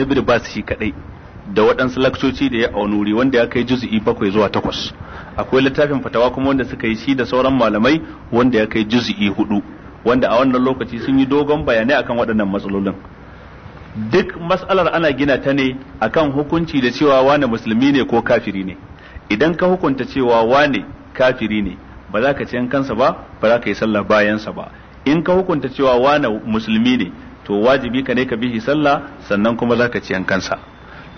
na ibn bas shi kadai da waɗansu lakcoci da ya auni wuri wanda ya kai juz'i bakwai zuwa takwas akwai littafin fatawa kuma wanda suka yi shi da sauran malamai wanda ya kai juz'i hudu wanda a wannan lokaci sun yi dogon bayanai akan waɗannan matsalolin duk matsalar ana gina ta ne akan hukunci da cewa wane musulmi ne ko kafiri ne idan ka hukunta cewa wane kafiri ne ba za ka ci kansa ba ba za ka yi sallah bayansa ba in ka hukunta cewa wane musulmi ne to wajibi ka ne ka bihi sallah sannan kuma zaka ci kansa.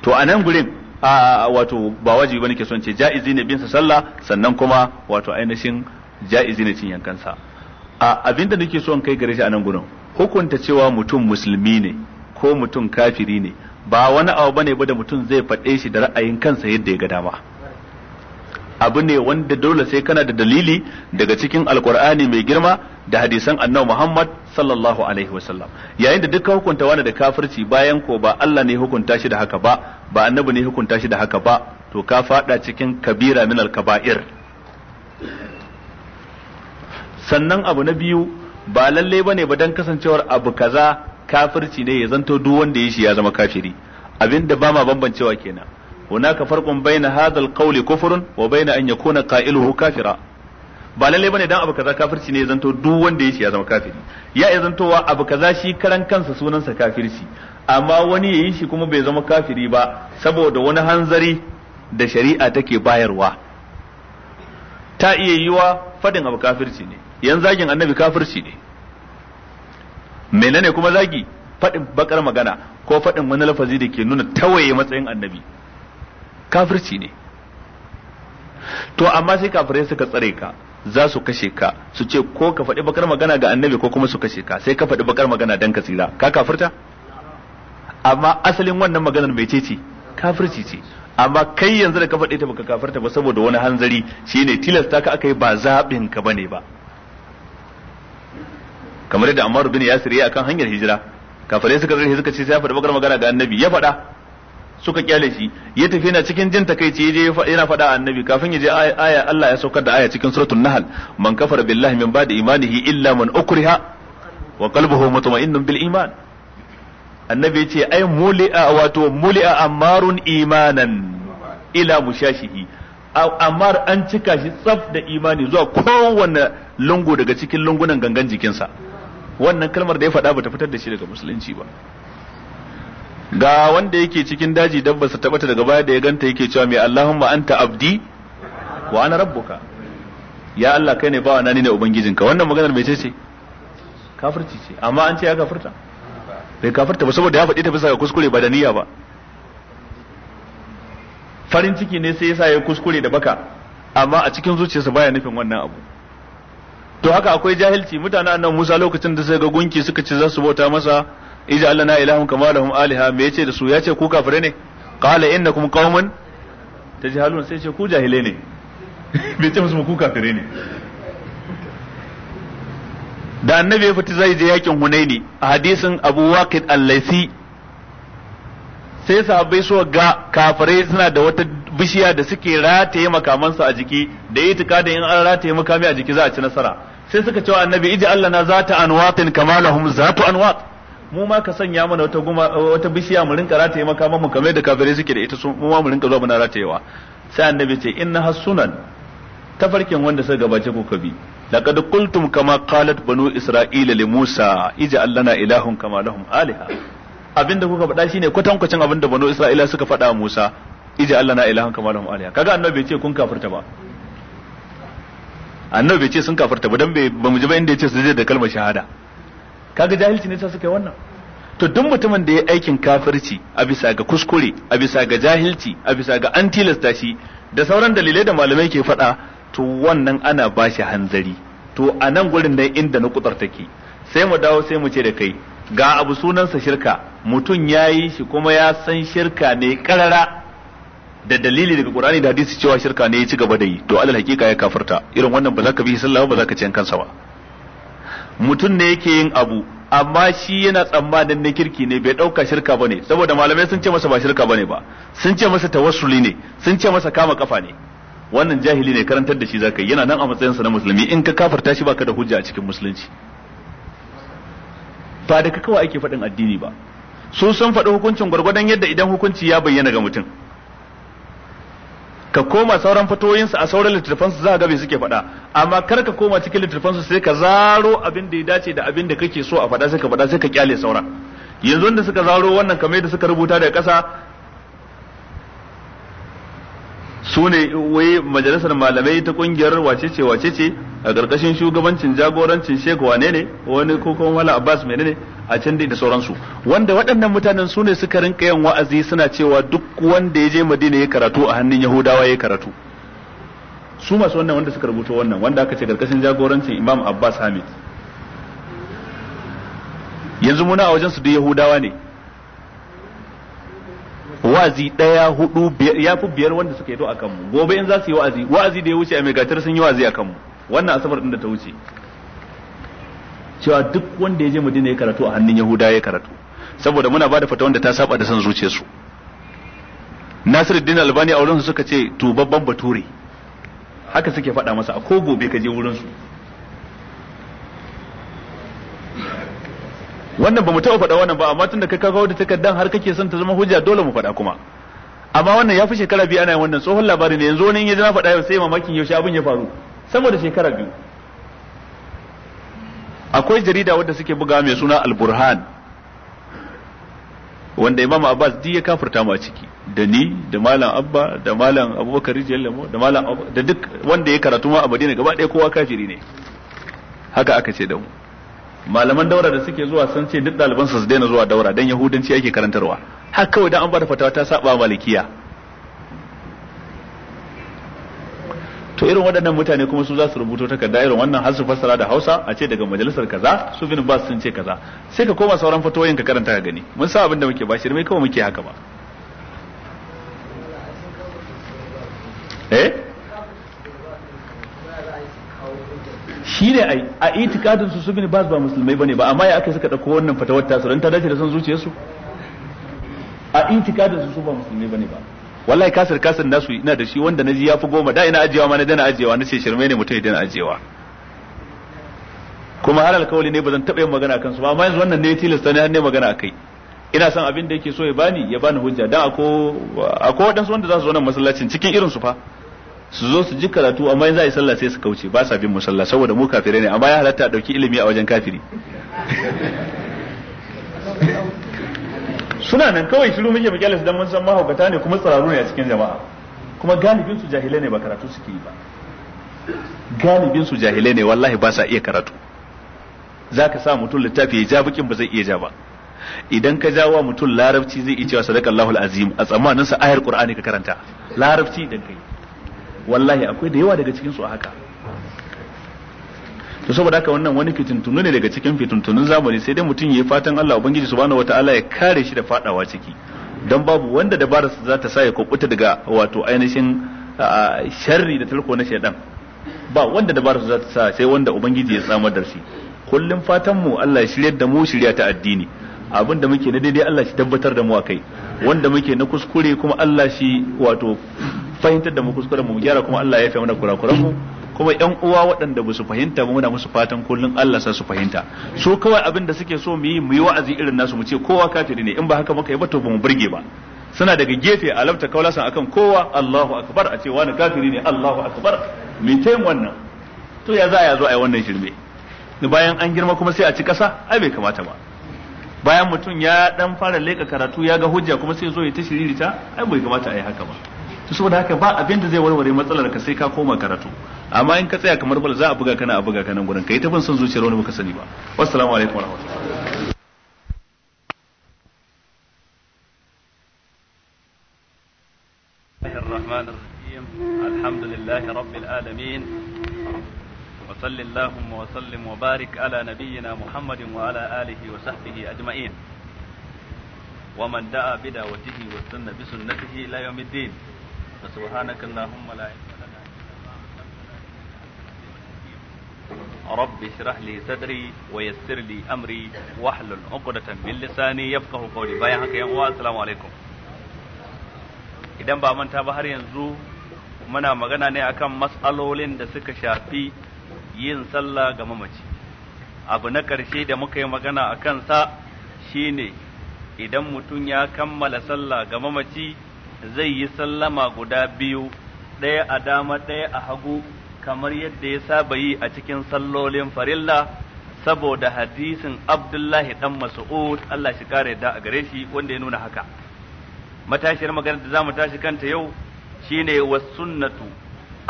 to a nan gurin a wato ba wajibi bane ke son ce ja'izi ne bin sa sallah sannan kuma wato ainihin ja'izi ne cin kansa. a abinda nake so in kai gare shi a nan gurin hukunta cewa mutum musulmi ne ko mutum kafiri ne ba wani abu bane ba da mutum zai faɗe shi da ra'ayin kansa yadda ya ga dama abu ne wanda dole sai kana da dalili daga cikin alkur'ani mai girma da hadisan annabi Muhammad sallallahu alaihi wasallam yayin da duka hukunta wani da kafirci bayan ko ba Allah ne hukunta shi da haka ba ba annabi ne hukunta shi da haka ba to ka fada cikin kabira min al-kaba'ir sannan abu na biyu ba lalle bane ba dan kasancewar abu kaza kafirci ne ya zanto duk wanda ya shi ya zama kafiri abinda ba ma bambancewa kenan hunaka farqun baina hadha al-qawli kufrun wa baina an yakuna qailuhu kafira ba lalle bane dan abu kaza kafirci ne zanto duk wanda ya shi ya zama kafiri ya ya zantowa abu kaza shi karan kansa sunansa kafirci amma wani yayi shi kuma bai zama kafiri ba saboda wani hanzari da shari'a take bayarwa ta iya yiwa fadin abu kafirci ne yan zagin annabi kafirci ne menene kuma zagi fadin bakar magana ko fadin wani lafazi da ke nuna tawaye matsayin annabi kafirci ne to amma sai kafirai suka tsare ka za su kashe ka su ce ko ka faɗi bakar magana ga annabi ko kuma su kashe ka sai ka faɗi bakar magana dan ka tsira ka kafirta amma asalin wannan maganar bai ce kafirci ce amma kai yanzu da ka faɗi ta baka kafarta ba saboda wani hanzari shine tilasta ka aka yi ba zaɓin ka bane ba kamar yadda Ammar bin Yasir ya akan hanyar hijira kafirai suka zai suka ce sai ya faɗi bakar magana ga annabi ya faɗa suka kyale shi ya tafi yana cikin jin takaici yaje yana faɗa annabi kafin ya je aya Allah ya saukar da aya cikin suratul nahl man kafara billahi min ba'di imanihi illa man ukriha wa qalbuhu mutma'innun bil iman annabi ya ce ai muli'a wato muli'a amarun imanan ila mushashihi amar an cika shi tsaf da imani zuwa kowanne lungu daga cikin lungunan gangan jikinsa wannan kalmar da ya faɗa bata fitar da shi daga musulunci ba ga wanda yake cikin daji dabba sa tabbata daga baya da ya ganta yake cewa mai Allahumma anta abdi wa ana rabbuka ya Allah kai ne bawa na ni ne ubangijinka wannan maganar mai ce kafirci ce amma an ce ya kafirta bai kafirta ba saboda ya faɗi ta bisa ga kuskure ba da niyya ba farin ciki ne sai yasa ya kuskure da baka amma a cikin zuciyarsa baya nufin wannan abu to haka akwai jahilci mutanen annabi Musa lokacin da sai ga gunki suka ce za su bauta masa ija na ilahun kama lahum aliha me yace da su yace ku kafire ne qala innakum qauman tajhalun sai ce ku jahile ne bai ce musu ku kafire ne da annabi ya fita zai je yakin hunaini a hadisin abu waqid al-laisi sai sahabbai so ga kafirai suna da wata bishiya da suke rataye makamansu a jiki da itikadin in an rataye makami a jiki za a ci nasara sai suka cewa annabi ija Allah na zata anwatin kama zatu anwat mu ma ka sanya mana wata guma wata bishiya mu rinka rataye maka mu kamar da kafirai suke da ita su mu ma mu rinka zuwa muna ratayewa sai annabi ce inna hasunan tafarkin wanda suka gabace ku kabi laqad qultum kama qalat banu isra'ila li musa ija allana ilahun kama lahum aliha abinda kuka faɗa shine kwatankwacin abinda banu isra'ila suka faɗa musa ija allana ilahun kama lahum aliha kaga annabi ce kun kafirta ba annabi ce sun kafirta ba dan ba mu ji ba inda yace su je da kalmar shahada kaga jahilci ne sa suka yi wannan to duk mutumin da ya aikin kafirci a bisa ga kuskure a bisa ga jahilci a bisa ga an tilasta shi da sauran dalilai da malamai ke faɗa to wannan ana ba shi hanzari to a nan gurin dai inda na kutar take sai mu dawo sai mu ce da kai ga abu sunansa shirka mutum ya yi shi kuma ya san shirka ne karara da dalili daga qur'ani da hadisi cewa shirka ne ya ci gaba da yi to alal hakika ya kafarta irin wannan ba za ka bi sallah ba za ka ci kansa ba mutum ne yake yin abu amma shi yana tsammanin na kirki ne bai ɗauka shirka bane saboda malamai sun ce masa ba shirka bane ba sun ce masa tawassuli ne sun ce masa kama kafa ne wannan jahili ne karantar da shi zaka yana nan a matsayinsa na musulmi in ka kafarta shi baka da hujja a cikin musulunci ba da kawai ake faɗin addini ba sun faɗi hukuncin gwargwadon yadda idan hukunci ya bayyana ga mutum ka koma sauran fatoyinsu a sauran littattafansu za ga bai suke faɗa amma kar ka koma cikin littattafansu sai ka zaro abin da ya dace da abin da kake so a faɗa sai ka faɗa sai ka kyale sauran yanzu da suka zaro wannan kamar da suka rubuta daga ƙasa su ne wai majalisar malamai ta kungiyar ce wace ce a ƙarƙashin shugabancin jagorancin Sheikh wane ne wani ko kuma wala Abbas ne a can da sauransu wanda waɗannan mutanen su ne suka rinka yin wa'azi suna cewa duk wanda ya je Madina ya karatu a hannun Yahudawa ya karatu su masu wannan wanda suka rubuta wannan wanda aka ce ƙarƙashin jagorancin Imam Abbas Hamid yanzu muna a wajen su duk Yahudawa ne wa'azi daya hudu biyar ya fi biyar wanda suka yato akan mu gobe in za su yi wa'azi wa'azi da ya wuce a mai sun yi wa'azi a mu wannan asabar din da ta wuce cewa duk wanda ya je Madina ya karatu a hannun Yahuda ya karatu saboda muna bada fata wanda ta saba da san su Nasiruddin Albani a wurin su suka ce tubabban bature haka suke faɗa masa a ko gobe ka je wurin su wannan ba mu taɓa faɗa wannan ba amma tunda kai ka kawo da takardan har kake son ta zama hujja dole mu faɗa kuma amma wannan ya fi shekara biyu ana yin wannan tsohon labari ne yanzu wani in ya zama na faɗa yau sai mamakin yaushe abin ya faru sama da shekara biyu akwai jarida wadda suke buga mai suna al-burhan wanda imam abbas duk ya kafurta mu a ciki da ni da malam abba da malam abubakar lamo da malam da duk wanda ya karatu ma a madina gaba ɗaya kowa kafiri ne haka aka ce da mu malaman daura da suke zuwa sun ce duk ɗaliban su daina zuwa daura dan yahudanci ake karantarwa har kawai dan an bada fatawa ta saba malikiya to irin waɗannan mutane kuma su za su rubuto takarda irin wannan har su fassara da Hausa a ce daga majalisar kaza su bin ba sun ce kaza sai ka koma sauran fatoyin ka karanta ka gani mun sa abin da muke ba shirme kawai muke haka ba shi ne ai a itikadin su su bin bas ba musulmai bane ba amma ya aka suka dauko wannan fatawar ta dan ta dace da san zuciyarsu a itikadin su su ba musulmai bane ba wallahi kasar kasar nasu ina da shi wanda naji yafi goma da ina ajewa ma na dana ajewa ce shirme ne mutai dana ajewa kuma har alkawali ne bazan taba yin magana kan su ba amma yanzu wannan ne tilasta ne har ne magana akai ina son abin da yake so ya bani ya bani hujja dan ako akwai wadansu wanda za su zo nan masallacin cikin irin su fa su zo su ji karatu amma yanzu a yi sallah sai su kauce ba sa bin musalla saboda mu kafirai ne amma ya halatta a ɗauki ilimi a wajen kafiri suna nan kawai shiru muke muke su dan mun san mahaukata ne kuma tsararru ne a cikin jama'a kuma galibin su jahilai ne ba karatu suke yi ba galibin su jahilai ne wallahi ba sa iya karatu zaka sa mutum littafi ya ja bukin ba zai iya ja ba idan ka wa mutum larabci zai iya cewa sadaqallahu alazim a tsammanin sa ayar qur'ani ka karanta larabci idan kai wallahi akwai da yawa daga cikin su haka to saboda haka wannan wani fitintunu ne daga cikin fitintunun zamani sai dai mutum yayi fatan Allah ubangiji subhanahu wataala ya kare shi da fadawa ciki dan babu wanda dabararsa za ta sa ya daga wato ainihin sharri da tarko na shaidan ba wanda dabararsa za ta sa sai wanda ubangiji ya tsamar da shi kullum fatan mu Allah ya shiryar da mu shirya ta addini abin da muke na daidai Allah shi tabbatar da mu akai wanda muke na kuskure kuma Allah shi wato fahimtar da mu kuskuren mu gyara kuma Allah ya fi mana kurakuran mu kuma yan uwa waɗanda ba su fahimta ba muna musu fatan kullun Allah sa su fahimta so kawai abin da suke so mu yi mu yi wa'azi irin nasu mu ce kowa kafiri ne in ba haka muka yi ba to ba mu burge ba suna daga gefe a lafta kaulasan akan kowa Allahu akbar a ce wani kafiri ne Allahu akbar me tayin wannan to ya za a zo a yi wannan shirme bayan an girma kuma sai a ci kasa ai bai kamata ba bayan mutum ya dan fara leka karatu ya ga hujja kuma sai zo ya ta shiririta ai bai kamata a yi haka ba to saboda haka ba abin da zai warware matsalar ka sai ka koma karatu amma in ka tsaya kamar bala za a buga kana a buga kana gurin kai ta bin son zuciyar wani baka sani ba wassalamu alaikum warahmatullahi الرحمن الرحيم الحمد لله رب وصل اللهم وسلم وبارك على نبينا محمد وعلى آله وصحبه أجمعين ومن دعا بدعوته واستنى بسنته إلى يوم الدين فسبحانك اللهم لا علم لنا رب اشرح لي صدري ويسر لي أمري واحلل عقدة من لساني يفقه قولي باي حقا السلام عليكم idan ba manta ba har yanzu muna magana ne akan matsalolin da suka shafi yin sallah ga mamaci abu na ƙarshe da muka yi magana a kansa shi ne idan mutum ya kammala sallah ga mamaci zai yi sallama guda biyu ɗaya a dama ɗaya a hagu kamar yadda ya saba yi a cikin sallolin farilla saboda hadisin abdullahi dan mas'ud Allah shi kare da a gare shi wanda ya nuna haka matashiyar magana da za mu tashi kanta yau shine wasunnatu sunnatu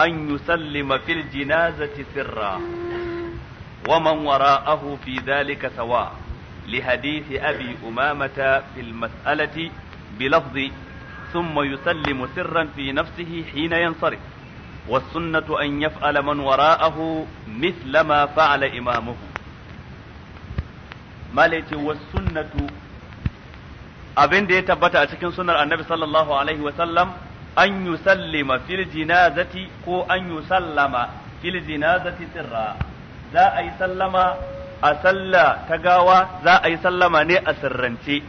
أن يسلم في الجنازة سرا ومن وراءه في ذلك سواء لحديث أبي أمامة في المسألة بلفظ ثم يسلم سرا في نفسه حين ينصرف والسنة أن يفعل من وراءه مثل ما فعل إمامه مالك والسنة أبن da ya tabbata النبي صلى الله عليه وسلم an yi yusallima fil jinazati ko an yi sallama fil jinazati sirra za a yi sallama a sallah ta gawa za a yi sallama ne a sirrance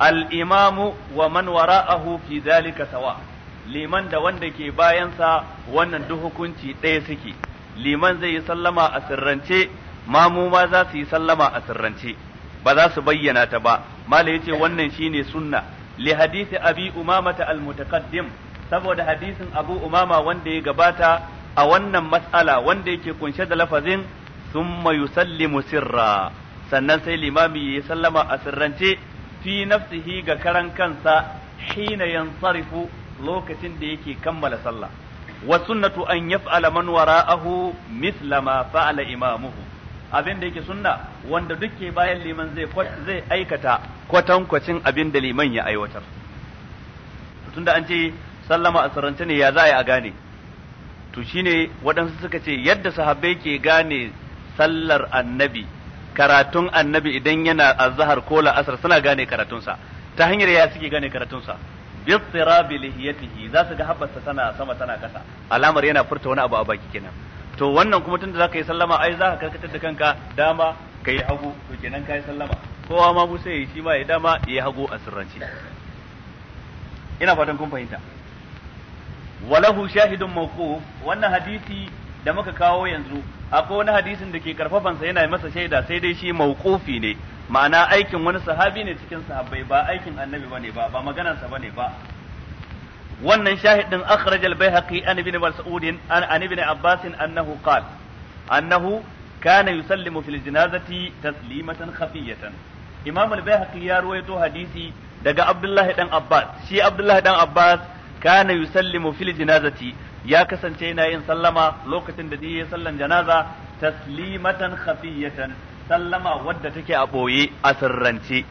al imamu wa man wara'ahu fi zalika sawa liman da wanda ke bayansa wannan duk hukunci ɗaya suke liman zai yi sallama a sirrance mamuma ma za su yi sallama a sirrance ba za su bayyana ta ba mala yace wannan shine sunna li hadisi abi umamata al-mutaqaddim saboda hadisin Abu Umama wanda ya gabata a wannan matsala, wanda yake kunshe da lafazin summa yusallimu sirra sannan sai limami ya sallama a sirrance fi nafsihi ga karan kansa hina yansarifu lokacin da yake kammala sallah wa sunnatu an yaf'ala man wara'ahu mithla ma fa'ala imamuhu abin da yake sunna wanda duke bayan liman zai zai aikata kwatankwacin abin da liman ya aiwatar tunda an ce sallama a sarance ne ya za a yi a gane to shine waɗansu suka ce yadda sahabbai ke gane sallar annabi karatun annabi idan yana a zahar ko la'asar suna gane karatunsa ta hanyar ya suke gane karatunsa bi lihiyatihi za su ga habbarsa tana sama tana kasa alamar yana furta wani abu a baki kenan to wannan kuma tunda ka yi sallama ai za ka karkatar da kanka dama ka yi hagu to kenan ka yi sallama kowa ma ya yi shi ma ya dama ya yi hagu a sirrance ina fatan kun fahimta walahu shahidin mawquf wannan hadisi da muka kawo yanzu akwai wani hadisin da ke karfafan sa yana masa shaida sai dai shi mawqufi ne ma'ana aikin wani sahabi ne cikin sahabbai ba aikin annabi bane ba ba maganar sa bane ba wannan shahidin akhraj al-baihaqi an ibn mas'ud an an ibn abbas annahu qala annahu kana yusallimu fil janazati taslimatan khafiyatan imam al-baihaqi ya ruwaito hadisi daga abdullahi dan abbas shi abdullahi dan abbas kana yusallimu fil janazati ya kasance yana yin sallama lokacin da yayin sallan janaza taslimatan khafiyatan sallama wadda take a boye a sirrance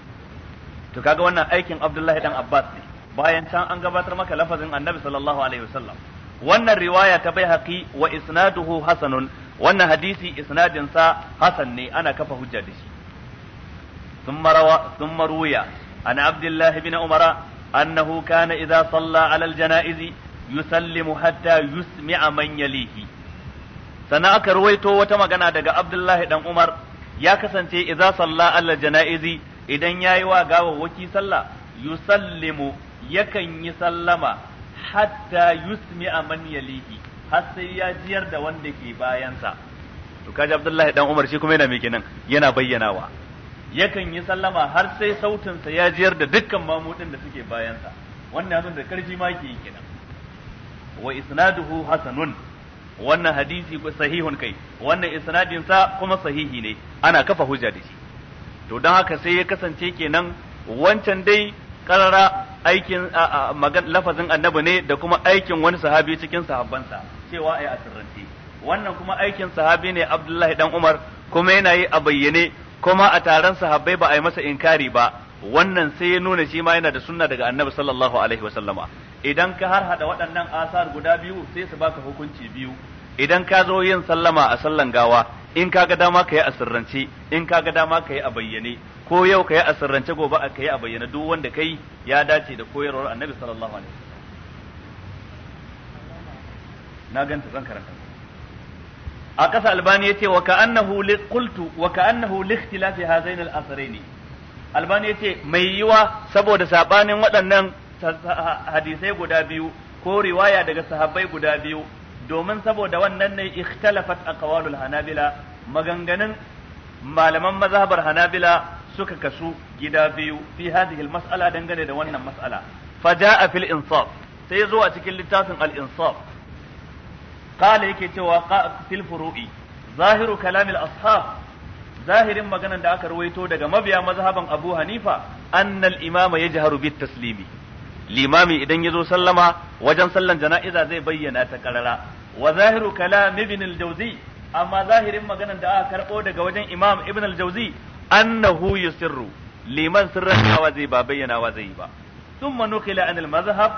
to kaga wannan aikin Abdullahi dan Abbas ne bayan can an gabatar maka lafazin Annabi sallallahu alaihi wasallam wannan riwaya ta Baihaqi wa isnaduhu hasanun wannan hadisi isnadin sa hasan ne ana kafa hujja da shi ثم روى ثم روي عن عبد الله بن عمر annahu kana idza salla ala al-janaiz yusallimu hatta yusmi'a man yalihi sana aka ruwaito wata magana daga Abdullahi dan Umar ya kasance idza salla ala janaizi idan yayi wa gawawwaki sallah yusallimu yakan yi sallama hatta yusmi'a man yalihi har sai ya jiyar da wanda ke bayansa to kaji Abdullahi dan Umar shi kuma yana me kenan yana bayyanawa yakan yi sallama har sai sautinsa ya jiyar da dukkan mamudin da suke bayansa wannan abin da karfi ma ke yi kenan wa isnaduhu hasanun wannan hadisi sahihun kai wannan isnadin sa kuma sahihi ne ana kafa hujja da shi to don haka sai ya kasance kenan wancan dai karara aikin magan lafazin annabi ne da kuma aikin wani sahabi cikin sahabbansa cewa ai asirranti wannan kuma aikin sahabi ne Abdullahi dan Umar kuma yana yi a bayyane kuma a taron sahabbai ba a yi masa inkari ba wannan sai ya nuna shi ma yana da sunna daga annabi sallallahu alaihi wasallama idan ka har hada waɗannan asar guda biyu sai su baka hukunci biyu idan ka zo yin sallama a sallan gawa in ka ga dama ka yi a sirrance in ka ga dama ka yi a bayyane ko yau ka yi a sirrance gobe ka yi a bayyane duk wanda kai ya dace da koyarwar annabi sallallahu alaihi wasallam na ganta zan karanta a ƙasa albani yace wa ka'annahu qultu wa ka'annahu li ikhtilafi hazain al asrain albani yace mai yiwa saboda sabanin waɗannan hadisai guda biyu ko riwaya daga sahabbai guda biyu domin saboda wannan ne ikhtalafat aqwalul hanabila maganganun malaman mazhabar hanabila suka kasu gida biyu fi hadhihi mas'ala dangane da wannan mas'ala faja'a fil insaf sai zo a cikin littafin al insaf qala yake cewa fil furu'i zahiru kalamil ashab zahirin maganan da aka ruwaito daga mabiya mazhaban Abu Hanifa annal imama yajharu bit taslimi limami idan ya zo sallama wajen sallar jana'iza zai bayyana ta karara wa zahiru kalam ibn amma zahirin maganan da aka karɓo daga wajen imam ibn al-jawzi annahu yusirru liman sirran zai ba bayyana wa zai ba ثم نقل عن المذهب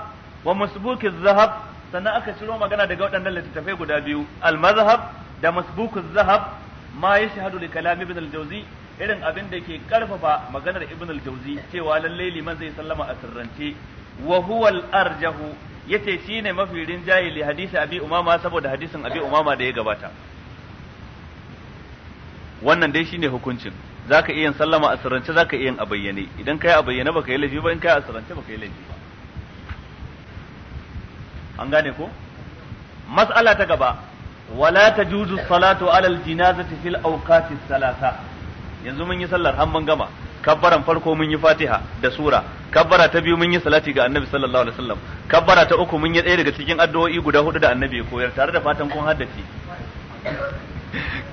ومسبوك الذهب sannan aka ciro magana daga waɗannan littattafai guda biyu al-mazhab da masbukuz zahab ma yashhadu li kalam ibn al-jawzi irin abin da ke karfafa maganar ibn al-jawzi cewa lalle liman zai sallama a sirrance wa huwa al-arjahu yace shine mafi rinjaye li hadisi abi umama saboda hadisin abi umama da ya gabata wannan dai shine hukuncin zaka iya sallama a sirrance zaka iya a bayyane idan kai a bayyane baka yi laifi ba in kai a sirrance baka yi laifi ba an gane ko mas'ala ta gaba wala ta tajuzu salatu alal jinazati fil awqati salasa yanzu mun yi sallar har mun gama kabbaran farko mun yi fatiha da sura kabbara ta biyu mun yi salati ga annabi sallallahu alaihi wasallam kabbara ta uku mun yi ɗaya daga cikin addu'o'i guda hudu da annabi ya koyar tare da fatan kun haddace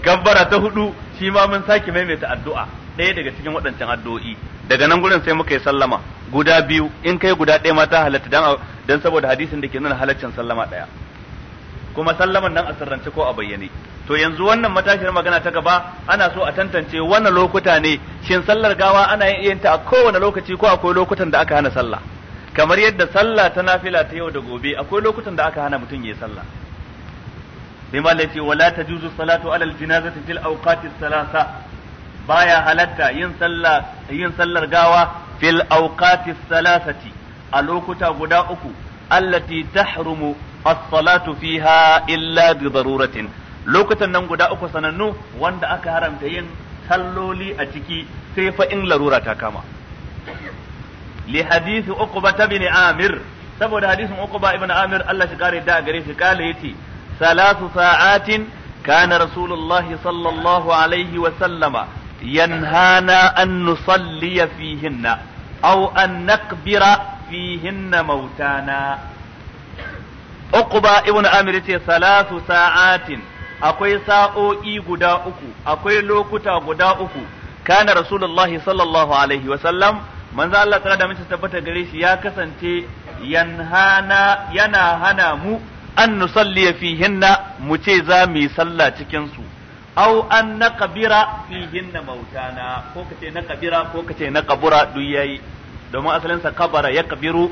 gabbara ta hudu shi ma mun sake maimaita addu'a ɗaya daga cikin waɗancan addu'o'i daga nan gurin sai muka yi sallama guda biyu in kai guda ɗaya ma ta halatta dan dan saboda hadisin da ke nuna halaccin sallama ɗaya kuma sallaman nan a sirrance ko a bayyane to yanzu wannan matashin magana ta gaba ana so a tantance wannan lokuta ne shin sallar gawa ana yin iyanta a kowane lokaci ko akwai lokutan da aka hana sallah kamar yadda sallah ta nafila ta yau da gobe akwai lokutan da aka hana mutum ya yi sallah sai malai ce wala tajuzu salatu alal janazati fil awqati thalatha baya halatta yin yin sallar gawa fil awqati thalathati a lokuta guda uku allati tahrumu as-salatu fiha illa bi daruratin lokutan nan guda uku sanannu wanda aka haramta yin salloli a ciki sai fa in larura ta kama li hadisi uqba ibn amir saboda hadisin uqba ibn amir Allah shi kare da gare shi kale yace ثلاث ساعات كان رسول الله صلى الله عليه وسلم ينهانا أن نصلي فيهن أو أن نكبر فيهن موتانا Uqba ibn Amir ce salatu sa'atin akwai sa'o'i guda uku akwai lokuta guda uku kana Rasulullah sallallahu alaihi wa sallam manzo Allah tsara da mace tabbata gare shi ya kasance yanhana yana hana mu an nusalli fihinna mu ce za mu yi sallah cikin su au an fi fihinna mautana ko ka ce na Kabira ko ka ce na Kabura? duk yayi domin asalin sa kabara ya Kabiru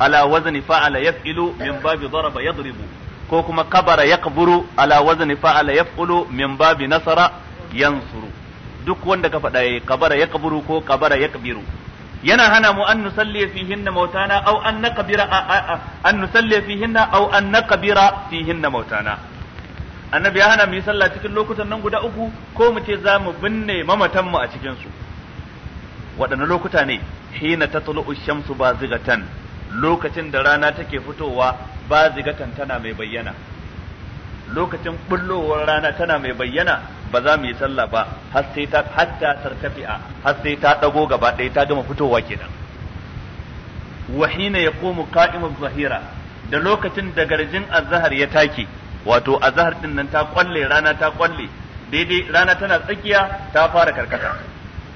ala wazni fa'ala yaf'ilu min babi daraba yadribu ko kuma kabara ya kaburu ala wazni fa'ala yaf'ulu min babi nasara yansuru duk wanda ka faɗa yayi kabara ya kaburu ko kabara ya Kabiru? yana hana mu an nusalli fihinna mautana aw an naqbira an nusalli fihinna aw an naqbira na. mautana annabi ya hana mu yi sallah cikin lokutan nan guda uku ko mu ce za mu binne mamatan mu a cikin su waɗanne lokuta ne hina ta tatlu shamsu zigatan lokacin da rana take fitowa ba bazigatan tana mai bayyana lokacin bullowar rana tana mai bayyana ba za mu yi sallah ba har sai ta hatta tarkafi'a har sai ta dago gaba ɗaya ta gama fitowa kenan wa hina yaqumu qa'imu zahira da lokacin da garjin azhar ya take wato azhar din nan ta kwalle rana ta kwalle daidai rana tana tsakiya ta fara karkata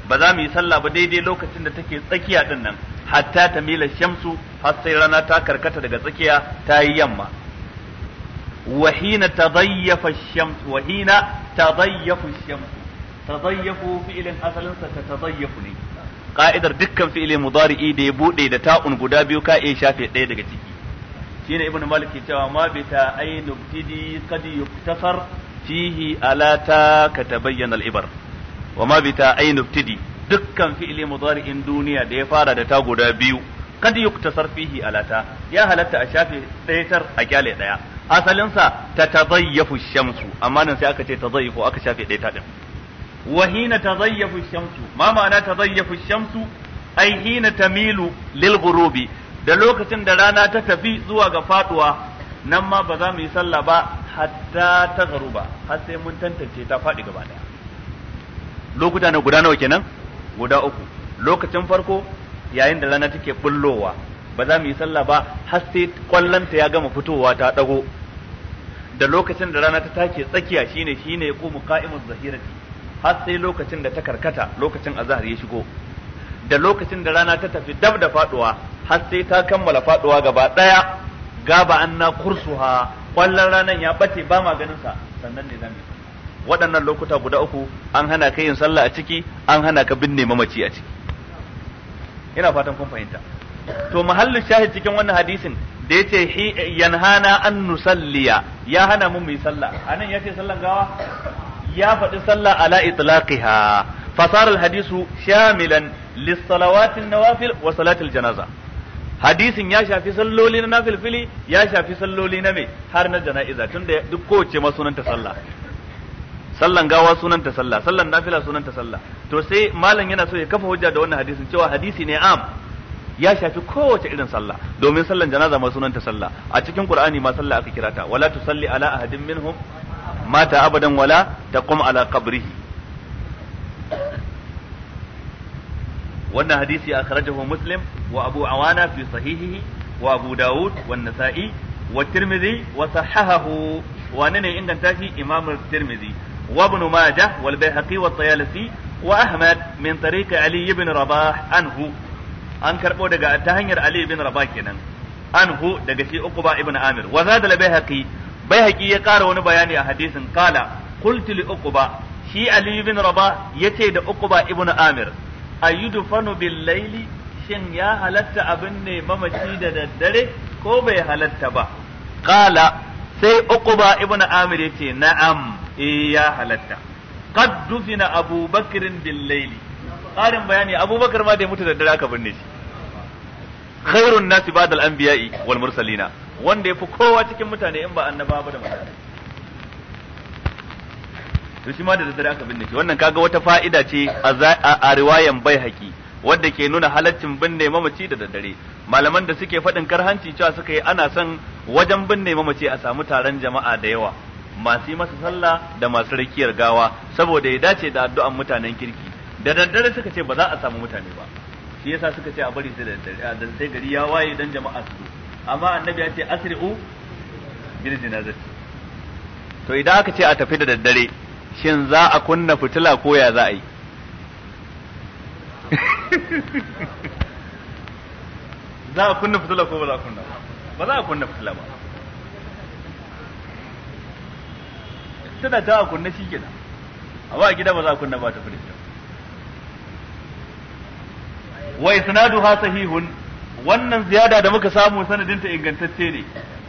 ba za mu yi sallah ba daidai lokacin da take tsakiya din nan hatta ta mila shamsu har sai rana ta karkata daga tsakiya ta yi yamma وحين تضيف الشمس وحين تضيف الشمس تضيف فعل أصلا تتضيف لي ka'idar dukkan fi'ili mudari'i da ya buɗe da ta'un guda biyu ka iya shafe ɗaya daga ciki shine ibn malik ke cewa ma bi ta ainu btidi qad yuktasar wa ma bi ta dukkan fi'ilin mudari'in duniya da ya fara da ta guda biyu yi yuktasar fihi alata ya halatta a shafe ɗaya tar a kyale ɗaya asalinsa ta tazayyafu shamsu amma nan sai aka ce tazayyafu aka shafe ɗaya ta ɗin Wahina ta tazayyafu shamsu ma ma'ana tazayyafu shamsu ai hina tamilu lil ghurubi da lokacin da rana ta tafi zuwa ga faduwa nan ma ba za mu yi sallah ba hatta ta ba har sai mun tantance ta faɗi gaba ɗaya lokuta na guda nawa kenan guda uku lokacin farko yayin da rana take bullowa ba za mu yi sallah ba har sai kwallonta ya gama fitowa ta dago da lokacin da rana ta take tsakiya shine shine ya komu qa'imuz zahirati har sai lokacin da ta karkata lokacin azhar ya shigo da lokacin da rana ta tafi dab da faduwa har sai ta kammala faduwa gaba daya gaba anna kursuha kwallon ranan ya bace ba ma ganin sa sannan ne zamu waɗannan lokuta guda uku an hana ka yin sallah a ciki an hana ka binne mamaci a ciki ina fatan kun fahimta to mahallin shahid cikin wannan hadisin da yace yanhana an nusalliya ya hana mun mu yi sallah anan yace sallan gawa ya faɗi sallah ala itlaqiha fasara alhadisu shamilan lissalawatin nawafil wa salatil janaza hadisin ya shafi salloli na nafilfili ya shafi salloli na me har na jana'iza tunda duk kowace masunanta sallah sallan gawa ta sallah sallan nafila sunanta sallah to sai malam yana so ya kafa hujja da wannan hadisin cewa hadisi ne am ya shafi kowace irin sallah domin sallan janaza ma ta sallah a cikin qur'ani ma sallah aka kirata wala tusalli ala ahadin minhum mata abadan wala taqum ala qabrihi wannan hadisi akhrajahu muslim wa abu awana fi sahihihi wa abu daud wa nasa'i wa tirmidhi wa sahahahu wa ne inganta shi imamul tirmidhi وابن ماجه والبيهقي والطيالسي وأحمد من طريق علي بن رباح عنه an karɓo daga ta hanyar Ali ibn Rabah kenan anhu daga shi Uqba ibn Amir wa zada la Baihaqi Baihaqi ya ƙara wani bayani a hadisin kala qultu li Uqba shi Ali ibn Rabah yace da Uqba ibn Amir ayyudfanu bil layli shin ya halatta abin ne mamaci da daddare ko bai halatta ba kala sai Uqba ibn Amir yace na'am eh ya halatta qad dufina Bakr bil layli ƙarin bayani abubakar ma da ya mutu da dare aka binne shi khairun nasi ba'da al anbiya'i wal mursalina wanda yafi kowa cikin mutane in ba annaba ba da mutane to shi ma da dare aka binne shi wannan kaga wata fa'ida ce a riwayan baihaqi wadda ke nuna halaccin binne mamaci da daddare malaman da suke faɗin karhanci cewa suka yi ana son wajen binne mamaci a samu taron jama'a da yawa masu yi masa sallah da masu rakiyar gawa saboda ya dace da addu'an mutanen kirki da daddare suka ce ba za a samu mutane ba shi yasa suka ce a bari sai da daddare dan sai gari ya waye dan jama'a su amma annabi ya ce asri'u bil janazati to idan aka ce a tafi da daddare shin za a kunna fitila ko ya za a yi za a kunna fitila ko ba za a kunna ba za a kunna fitila ba tana ta a kunna shi kenan amma a gida ba za a kunna ba ta firista wa ha sahihun wannan ziyada da muka samu sanadin ta ingantacce ne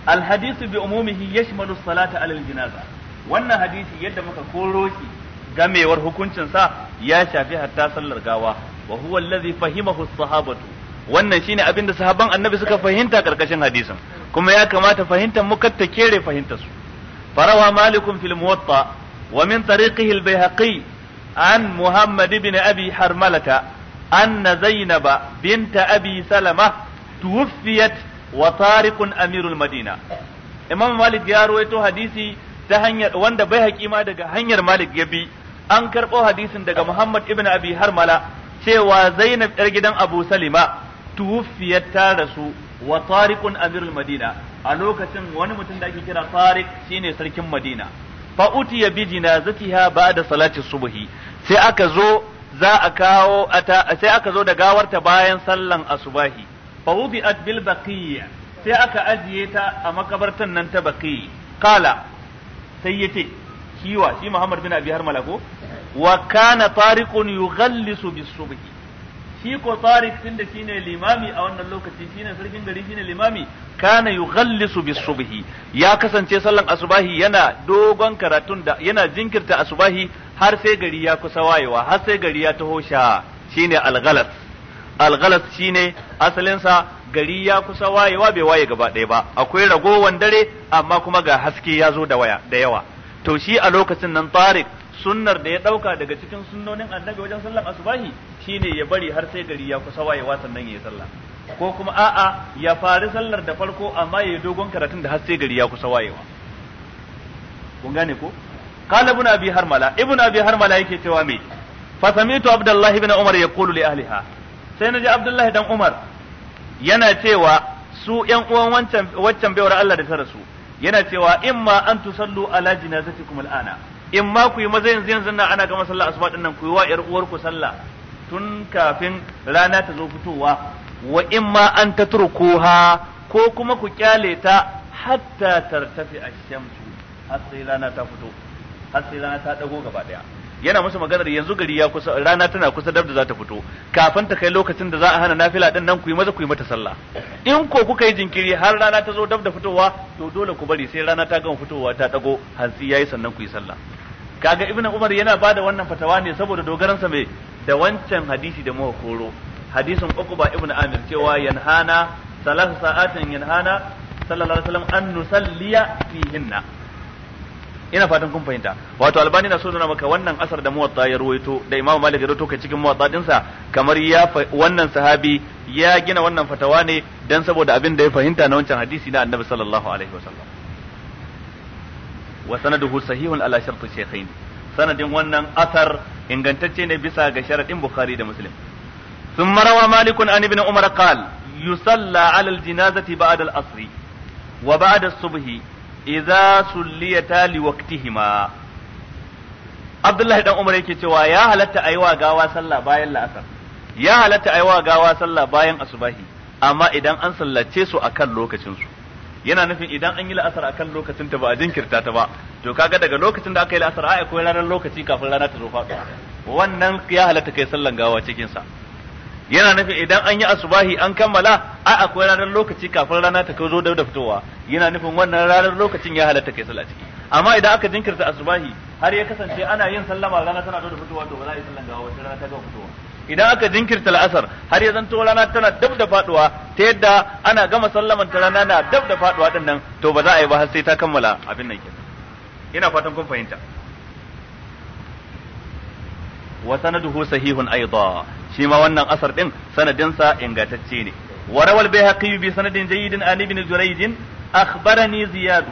al hadisu bi umumihi yashmalu salata alal janaza wannan hadisi yadda muka koro shi gamewar hukuncin sa ya shafi hatta sallar gawa wa huwa allazi fahimahu sahabatu wannan shine abin da sahabban annabi suka fahimta karkashin hadisin kuma ya kamata fahimtar mu kar ta kere fahimtar su فروى مالك في الموطأ ومن طريقه البيهقي عن محمد بن أبي حرملة أن زينب بنت أبي سلمة توفيت وطارق أمير المدينة إمام مالك يا رويتو حديثي تهنير وند بيهقي ما دقى هنير مالك يبي an karɓo hadisin daga Muhammad ibn Abi Harmala cewa Zainab ‘yar gidan Abu Salima tuwuffiyar ta rasu wa tariqun amirul madina a lokacin wani mutum da ake kira tariq shine sarkin madina fa utiya bi jinazatiha ba'da salati subhi sai aka zo za a kawo sai aka zo da gawarta bayan sallan asubahi fa wudi'at bil baqiyya sai aka ajiye ta a makabartan nan ta baqi qala sai yace kiwa shi Muhammad bin Abi Harmala ko wa kana tariqun yughallisu bis subhi shi ko tariq shi shine limami a wannan lokaci shine sarkin gari shine limami kana yughallisu bis subhi ya kasance sallan asubahi yana dogon karatun da yana jinkirta asubahi har sai gari ya kusa wayewa har sai gari ya taho sha shine alghalas alghalas shine asalin sa gari ya kusa wayewa bai waye gaba ɗaya ba akwai ragowan dare amma kuma ga haske ya zo da waya da yawa to shi a lokacin nan tariq sunnar da ya dauka daga cikin sunnonin annabi wajen sallan asubahi shine ya bari har sai gari ya kusa wayewa sannan ya sallah ko kuma a'a ya fari sallar da farko amma ya yi dogon karatun da har sai gari ya kusa wayewa kun gane ko qala ibn abi harmala ibn abi harmala yake cewa me fa samitu abdullah ibn umar yaqulu li ahliha sai naji abdullah dan umar yana cewa su yan uwan wancan waccan baiwar Allah da ta rasu yana cewa imma an tusallu ala jinazatikum al'ana in ma ku yi maza yanzu yanzu nan ana gama sallah asuba din nan ku yi wa ƴar uwarku sallah tun kafin rana ta zo fitowa wa in ma an ta tatrukuha ko kuma ku kyale ta hatta tartafi ash-shamsu har sai rana ta fito har sai rana ta dago gaba daya yana musu maganar yanzu gari ya kusa rana tana kusa dab da za ta fito kafin ta kai lokacin da za a hana nafila din nan ku yi maza ku yi mata sallah in ko kuka yi jinkiri har rana ta zo dab da fitowa to dole ku bari sai rana ta gama fitowa ta dago hantsi yayi sannan ku yi sallah kaga ibnu umar yana bada wannan fatawa ne saboda dogaransa mai da wancan hadisi da muka koro hadisin uqba ibnu amir cewa yanhana salat sa'atin yanhana sallallahu alaihi wasallam an nusalliya fihinna ina fatan kun fahimta wato albani na so nuna maka wannan asar da muwatta ya ruwaito da imamu malik ya ruwaito kai cikin muwatta dinsa kamar ya wannan sahabi ya gina wannan fatawa ne dan saboda abin da ya fahimta na wancan hadisi na annabi sallallahu alaihi wasallam wa sanaduhu sahihun ala shartu shaykhain sanadin wannan asar ingantacce ne bisa ga sharadin bukhari da muslim thumma rawa malik an ibn umar qal yusalla ala al janazati ba'da al asri wa ba'da subh idza sulliyata li waqtihima abdullahi dan umar yake cewa ya halatta aiwa gawa sallah bayan la'asar ya halatta aiwa gawa sallah bayan asubahi amma idan an sallace su akan lokacin su yana nufin idan an yi la'asar kan lokacin ta ba a jinkirta ta ba to kaga daga lokacin da aka yi la'asar ai akwai ranar lokaci kafin rana ta zo faɗo wannan ya halatta kai sallan gawa cikin sa yana nufin idan an yi asubahi an kammala ai akwai ranar lokaci kafin rana ta zo da fitowa yana nufin wannan ranar lokacin ya halatta kai sallah ciki amma idan aka jinkirta asubahi har ya kasance ana yin sallama rana tana zo da fitowa to ba za a yi sallan gawa wata rana ta ga fitowa idan aka jinkirta la'asar har ya zanto rana tana dab da faduwa ta yadda ana gama sallaman ta rana na dab da faduwa din nan to ba za a yi ba har sai ta kammala abin nan kenan ina fatan kun fahimta wa sanaduhu sahihun aidha shi ma wannan asar din sanadin sa ingantacce ne wa bayhaqi bi sanadin jayyidin an ibn jurayj akhbarani ziyadu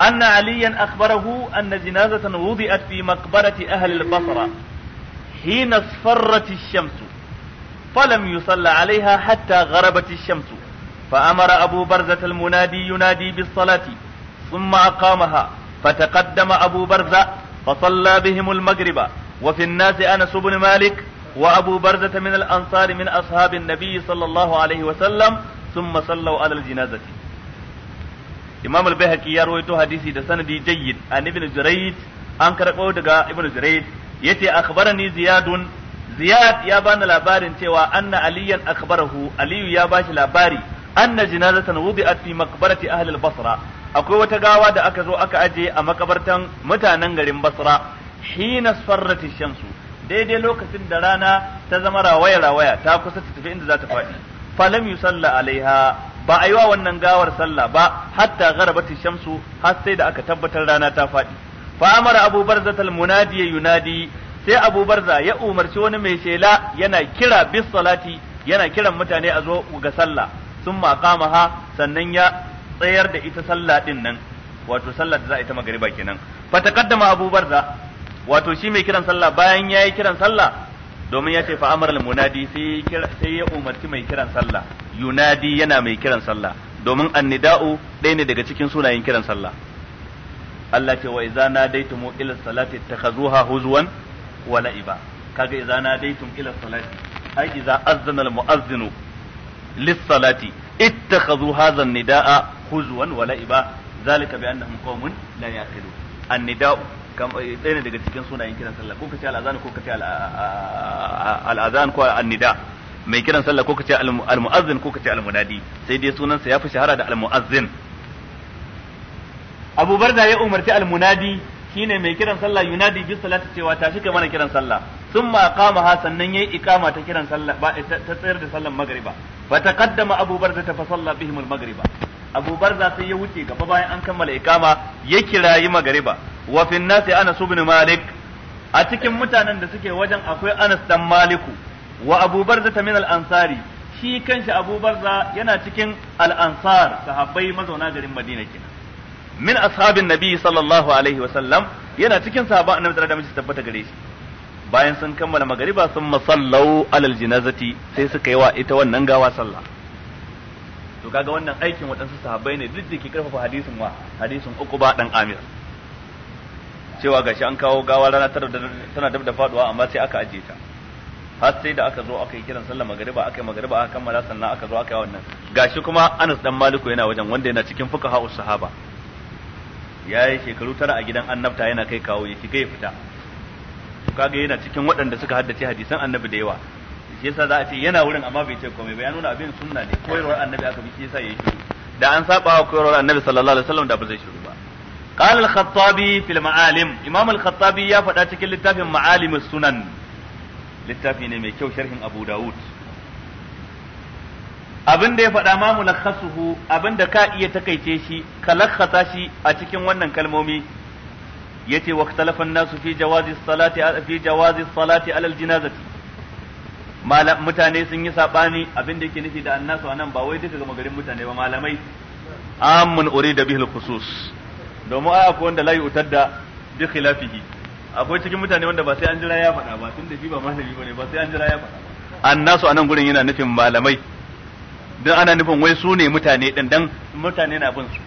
أن عليا أخبره أن جنازة وضعت في مقبرة أهل البصرة حين اصفرت الشمس فلم يصل عليها حتى غربت الشمس فأمر أبو برزة المنادي ينادي بالصلاة ثم أقامها فتقدم أبو برزة فصلى بهم المغرب وفي الناس أنس بن مالك وأبو برزة من الأنصار من أصحاب النبي صلى الله عليه وسلم ثم صلوا على الجنازة إمام البيهقي يروي حديثي ده سندي جيد عن ابن جريج an karɓo daga ibn Zurayd yace akhbarani ziyadun ziyad ya bani labarin cewa anna aliyan akhbarahu aliyu ya bashi labari anna jinazatan wudi'at fi maqbarati ahli al-basra akwai wata gawa da aka zo aka aje a makabartan mutanen garin basra hina sarrat shamsu daidai lokacin da rana ta zama rawaya rawaya ta kusa ta tafi inda za ta faɗi falam yusalla alaiha ba a yi wa wannan gawar sallah ba hatta garabati shamsu har sai da aka tabbatar rana ta faɗi fa amara abu barza tal munadi yunadi sai abu barza ya umarci wani mai shela yana kira bis salati yana kiran mutane a zo ga sallah sun ha sannan ya tsayar da ita sallah din nan wato sallah da za a yi ta magariba kenan fa taqaddama abu barza wato shi mai kiran sallah bayan ya yi kiran sallah domin ya ce fa amara munadi sai ya umarci mai kiran sallah yunadi yana mai kiran sallah domin annida'u ɗaya ne daga cikin sunayen kiran sallah Allah ce wa idza nadaitum ila salati takhazuha huzwan wa la'iba kaga idza nadaitum ila salati ai idza azana al muazzinu lis salati ittakhadhu hadha an nidaa huzwan wa la'iba zalika bi annahum qaumun la yaqilun an nidaa eh, ɗaya ne daga cikin sunayen kiran sallah ko kace al-azan ko kace al-azan ko an-nida mai kiran sallah ko kace al-muazzin ko kace al-munadi sai dai sunansa ya fi shahara da al-muazzin Abu Barda ya umarci almunadi shine mai kiran sallah yunadi bi salati cewa tashi kai mana kiran sallah thumma aqamaha sannan yayi iqama ta kiran sallah ba ta tsayar da sallan magriba fa taqaddama Abu Barda ta fa salla bihim al Abu Barda sai ya wuce gaba bayan an kammala iqama ya yi magriba wa fi Anas ibn Malik a cikin mutanen da suke wajen akwai Anas dan Maliku wa Abu Barda min al-Ansari shi kanshi Abu Barda yana cikin al-Ansar sahabbai mazauna garin Madina kenan min ashabin nabi sallallahu alaihi wasallam yana cikin sahaba annabi da alaihi tabbata gare shi bayan sun kammala magariba sun masallau alal jinazati sai suka yi wa ita wannan gawa sallah to kaga wannan aikin waɗansu sahabbai ne duk da ke karfafa hadisin wa hadisin ba dan amir cewa gashi an kawo gawa rana tana dab da faduwa amma sai aka ajiye ta har sai da aka zo aka yi kiran sallar magariba aka yi magariba aka kammala sannan aka zo aka yi wannan gashi kuma Anas dan Maliku yana wajen wanda yana cikin fuqaha sahaba ya yi shekaru tara a gidan annabta yana kai kawo ya shiga ya fita to kaga yana cikin waɗanda suka haddace hadisan annabi da yawa shi yasa za a ce yana wurin amma bai ce komai ba ya nuna abin sunna ne koyarwar annabi aka bi shi yasa ya shiru da an saba wa koyarwar annabi sallallahu alaihi wasallam da ba zai shiru ba قال الخطابي في المعالم امام الخطابي ya faɗa cikin littafin معالم السنن littafi ne mai kyau sharhin abu dawud abin da ya faɗa ma mulakhasuhu abin da ka iya takaice shi ka lakhasa shi a cikin wannan kalmomi yace wa an nasu fi jawazi salati fi jawazi salati al janazati mutane sun yi sabani abin da yake nufi da annasu anan ba wai duka ga magarin mutane ba malamai amman urida bihil khusus domin ai akwai wanda layi yu'tadda bi khilafihi akwai cikin mutane wanda ba sai an jira ya faɗa ba tunda shi ba malami bane ba sai an jira ya faɗa annasu anan gurin yana nufin malamai don ana nufin wai su ne mutane ɗin don mutane na bin su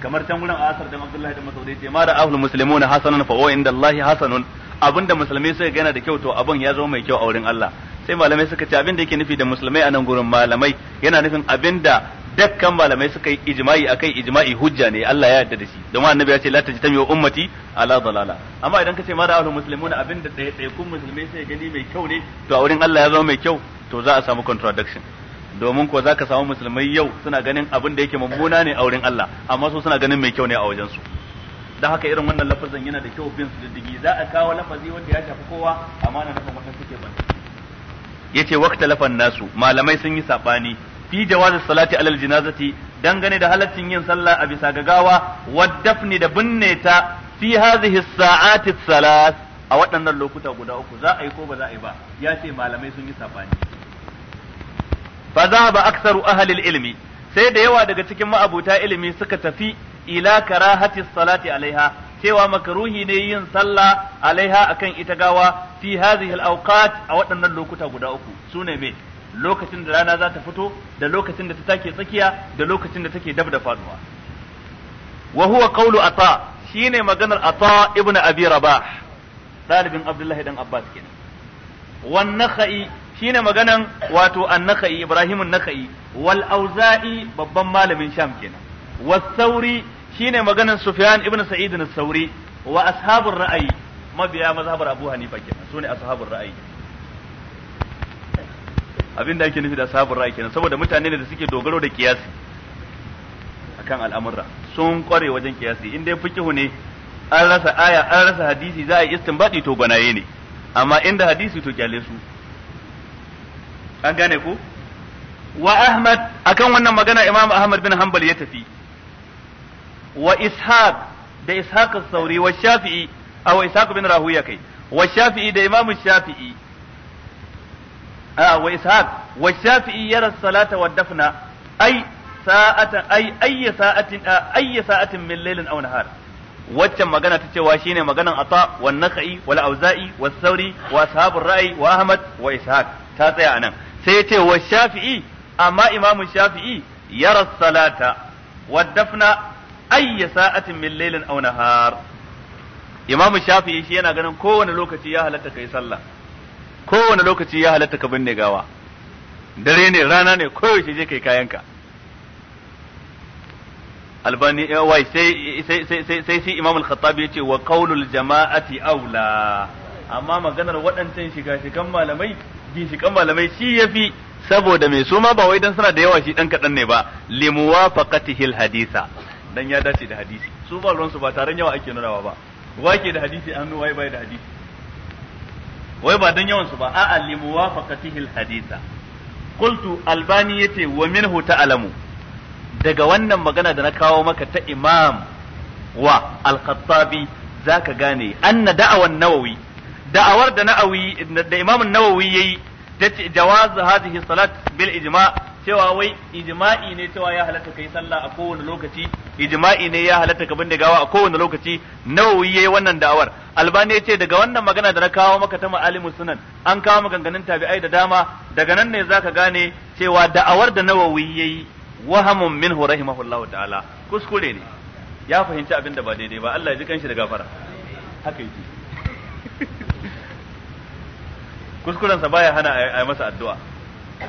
kamar can gurin asar da Abdullahi da Masaudi ce mara da ahlul muslimuna hasanun fa wa inda allahi hasanun abinda musulmai suka gana da kyau to abin ya zama mai kyau a wurin Allah sai malamai suka ce abin da yake nufi da musulmai a nan gurin malamai yana nufin abin da dukkan malamai suka yi ijma'i akai ijma'i hujja ne Allah ya yarda da shi domin annabi ya ce la tajtam yu ummati ala dalala amma idan ka ce ma da ahlul muslimuna abinda ɗaiɗaikun musulmai sai gani mai kyau ne to a wurin Allah ya zama mai kyau to za a samu contradiction domin ko ka samu musulmai yau suna ganin abin da yake mummuna ne a wurin Allah amma su suna ganin mai kyau ne a wajen su dan haka irin wannan lafazin yana da kyau bin su diddigi za a kawo lafazi wanda ya shafi kowa amma na nufin wannan suke ban yace waqta lafan nasu malamai sun yi sabani fi jawazi salati alal janazati dangane da halaccin yin sallah a bisa gagawa waddafni da binne ta fi hadhihi sa'ati salas a waɗannan lokuta guda uku za a yi ko ba za a yi ba ya ce malamai sun yi sabani fa dhahaba aktsaru ahli ilimi sai da yawa daga cikin ma'abuta ilimi suka tafi ila karahati salati alaiha cewa makaruhi ne yin sallah alaiha akan ita gawa fi hadhihi al-awqat a waɗannan lokuta guda uku sune me lokacin da rana za ta fito da lokacin da ta take tsakiya da lokacin da take dab da faduwa wa huwa qawlu ata shine maganar ata ibnu abi rabah dalibin abdullahi dan abbas kenan wan nakhai shine maganan wato annaka'i Ibrahim annaka'i wal auza'i babban malamin Sham kenan was sauri shine maganan Sufyan ibn Sa'id an sauri wa ashabur ra'ayi mabiya mazhabar Abu Hanifa kenan sune ashabur ra'ayi Abin da ake nufi da ashabur ra'ayi kenan saboda mutane ne da suke dogaro da kiyasi akan al'amurra sun kware wajen kiyasi in dai fiqhu ne an rasa aya an rasa hadisi za a yi istinbadi to gwanaye ne amma inda hadisi to kyale su an gane ku wa Ahmad akan wannan magana Imam Ahmad bin Hanbal ya tafi wa Ishaq da Ishaq as-Sauri wa Shafi'i aw Ishaq bin Rahuya kai wa Shafi'i da Imam Shafi'i a wa Ishaq wa Shafi'i yara salata wa dafna ai sa'atan ai ayya sa'atin ayya sa'atin min laylin aw nahar waccan magana ta cewa shine maganan Ata wa Nakhai wal Auza'i was Sauri wa ashabur Ra'i wa Ahmad wa Ishaq ta tsaya anan sai ce wa shafi'i amma imamu shafi'i yara salata wa dafna ayya sa'atin min lailin aw nahar imamu shafi'i shi yana ganin kowane lokaci ya halatta ka yi sallah kowane lokaci ya halatta ka binne gawa dare ne rana ne koyaushe je kai kayanka albani wai sai sai sai sai shi imam al-khattabi yace wa qaulul jama'ati aula amma maganar waɗancan shiga shigan malamai kan malamai shi yafi saboda mai suma ba wai dan suna da yawa shi dan kadan ne ba limuwafaqatihil hadisa dan ya dace da hadisi su ba ruwansu ba taron yawa ake nunawa ba wake da hadisi an wai bai da hadisi wai ba dan yawan su ba a'a limuwafaqatihil hadisa qultu albani yace wa minhu ta'lamu daga wannan magana da na kawo maka ta imam wa al-khattabi zaka gane anna da'awan nawawi da'awar da na'awi da Imam Nawawi yayi da jawaz hadhihi salat bil ijma cewa wai ijma'i ne cewa ya halatta kai sallah a kowane lokaci ijma'i ne ya halatta ka binne gawa a kowane lokaci nawawi yayi wannan da'awar albani ya ce daga wannan magana da na kawo maka ta ma'alimus sunan an kawo maganganun tabi'ai da dama daga nan ne zaka gane cewa da'awar da nawawi yayi wahamun minhu rahimahullahu ta'ala kuskure ne ya fahimci abin da ba daidai ba Allah ya ji kanshi da gafara haka yake kuskuren sa baya hana a masa addu'a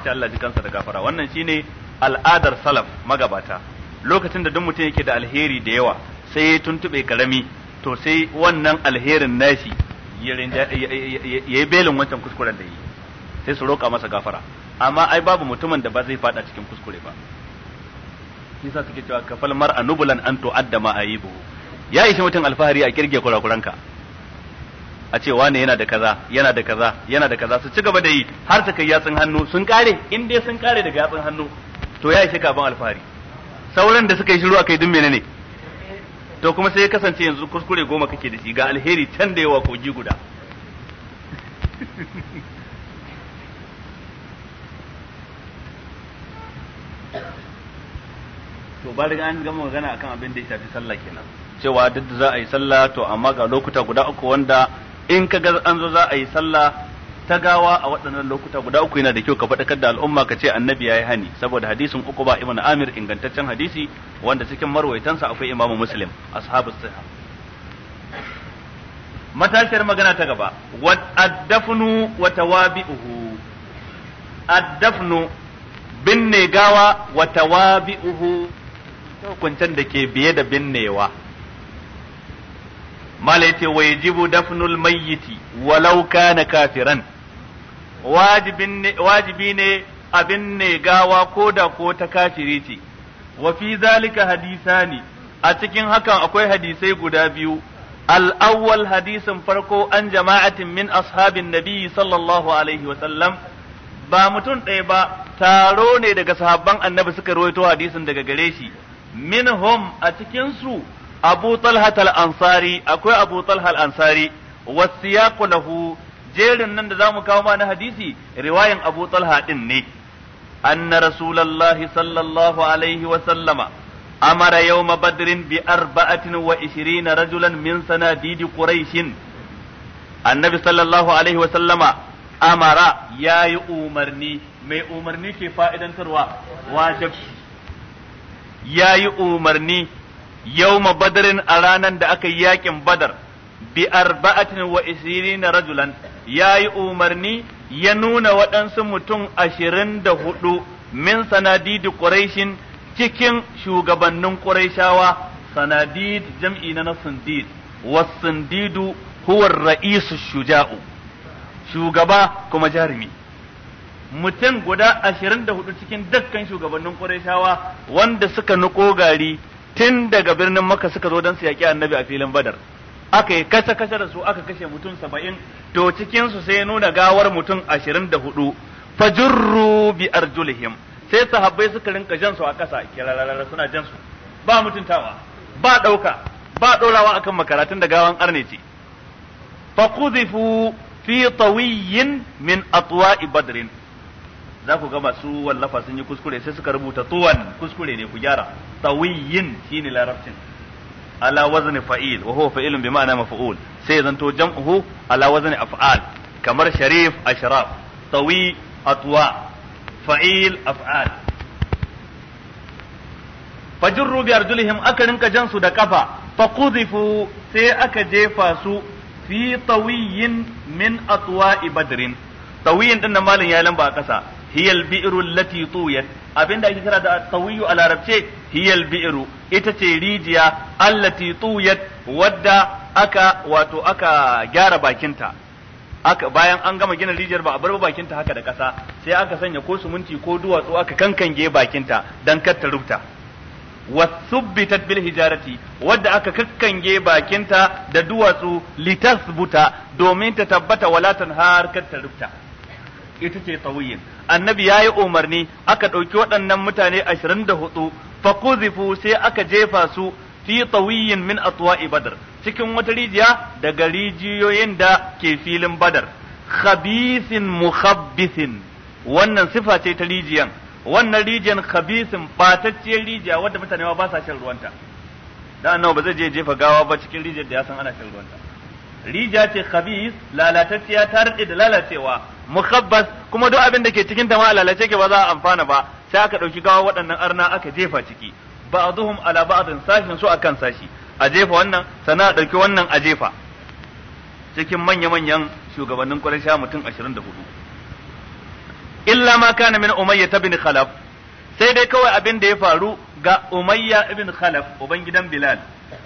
ta Allah ji kansa da gafara wannan shine al'adar salaf magabata lokacin da duk mutum yake da alheri da yawa sai ya tuntube karami to sai wannan alherin nashi ya yi belin wancan kuskuren da yi sai su roƙa masa gafara amma ai babu mutumin da ba zai fada cikin kuskure ba shi sa suke cewa kafal mar'a nubulan an tu'adda ma ayibu ya ishi mutum alfahari a kirge kurakuranka a ce wane yana da kaza yana da kaza yana da kaza su ci gaba da yi har ta kai yatsun hannu sun kare in dai sun kare daga yatsun hannu to ya ishe kafin alfahari sauran da suka yi shiru akai dun menene to kuma sai ya kasance yanzu kuskure goma kake da shi ga alheri can da yawa kogi guda to ba daga an gama magana akan abin da ya shafi sallah kenan cewa duk da za a yi sallah to amma ga lokuta guda uku wanda in ka ga an zo za a yi sallah ta gawa a waɗannan lokuta guda uku yana da kyau ka faɗakar da al'umma ka ce annabi ya yi hani saboda hadisin uku ba ibn amir ingantaccen hadisi wanda cikin marwaitansa akwai imamu muslim ashabu sahih matashiyar magana ta gaba wa addafnu wa tawabi'uhu addafnu binne gawa wa tawabi'uhu hukuncen da ke biye da binnewa malai ce wa yajibu dafnul mayyiti walau kana kafiran wajibi ne abin ne gawa ko da ko ta kafiri ce wa fi zalika hadisani a cikin hakan akwai hadisai guda biyu al-awwal hadisin farko an jama'atin min ashabin nabiyyi sallallahu alaihi wa sallam ba mutum ɗaya ba taro ne daga sahabban annabi suka rawaito hadisin daga gare shi minhum a cikin su abu talha ansari akwai abu talha al-ansari wasiyaqu lahu jerin nan da zamu kawo ma na hadisi riwayan abu talha ne anna rasulullahi sallallahu alaihi wa sallama amara yawma badrin bi arba'atin wa ishirina rajulan min sanadid quraish annabi sallallahu alaihi wa sallama amara yayi umarni mai umarni ke fa'idantarwa umarni Yau badrin a ranar da aka yi yakin badar bi arba'atin wa isirina rajulan yayi umarni ya nuna waɗansu mutum ashirin da hudu min sanadidi quraishin cikin shugabannin quraishawa sanadid jam'i na sindid wasindidu huwa ra'isu shuja'u shugaba kuma jarumi mutum guda ashirin da hudu cikin dakkan shugabannin kuraishawa wanda suka nuko gari tun daga birnin maka suka zo don su yaƙi annabi a filin Badar aka yi kasa kasa da su aka kashe mutum saba'in to cikin sai nuna gawar mutum ashirin da hudu fajurru bi arjulihim sai sahabbai suka rinka jan su a kasa kirararra suna jan su ba mutuntawa ba ɗauka ba ɗorawa akan makaratun da gawan arne ce fa fi tawiyin min atwa'i badrin za ku ga masu wallafa sun yi kuskure sai suka rubuta tuwan kuskure ne ku gyara tawiyin shine larabcin ala wazni fa'il wa huwa fa'ilun bi ma'ana maf'ul sai zanto jam'uhu ala wazni af'al kamar sharif ashraf tawi atwa fa'il af'al fajurru bi arjulihim aka rinka jansu da kafa faqudifu sai aka jefa su fi tawiyin min atwa'i badrin tawiyin din nan malin ya lamba a kasa hiyal bi'ru allati tuyat abinda ake kira da tawiyu a larabce hiyal bi'ru itace ce rijiya allati tuyat wadda aka wato aka gyara bakinta aka bayan an gama gina rijiyar ba a bar bakinta haka da ƙasa sai aka sanya ko suminti ko duwatsu aka kankange bakinta dan kar ta rubta wasubbitat bil hijarati wadda aka kange bakinta da duwatsu litasbuta domin ta tabbata wala tanhar kar ta rubta ita ce tawiyin annabi ya yi umarni aka ɗauki waɗannan mutane ashirin da hudu fakuzifu sai aka jefa su fi tsawiyin min atwa'i badar cikin wata rijiya daga rijiyoyin da ke filin badar khabisin muhabbisin wannan sifa ce ta rijiyan wannan rijiyan khabisin batacciyar rijiya wadda mutane ba sa shan ruwanta da annabi ba zai je jefa gawa ba cikin rijiyar da ya san ana shan ruwanta rijiya ce khabis lalatacciya ta rade da lalacewa mukhabbas kuma duk abin da ke cikin ta ma lalace ke ba za a amfana ba sai aka dauki gawa waɗannan arna aka jefa ciki ba'dhum ala ba'dhin sashin su akan sashi a jefa wannan sana a dauki wannan a jefa cikin manya-manyan shugabannin Quraysh mutum 24 illa ma kana min umayya ibn khalaf sai dai kawai abin da ya faru ga umayya ibn khalaf uban gidan bilal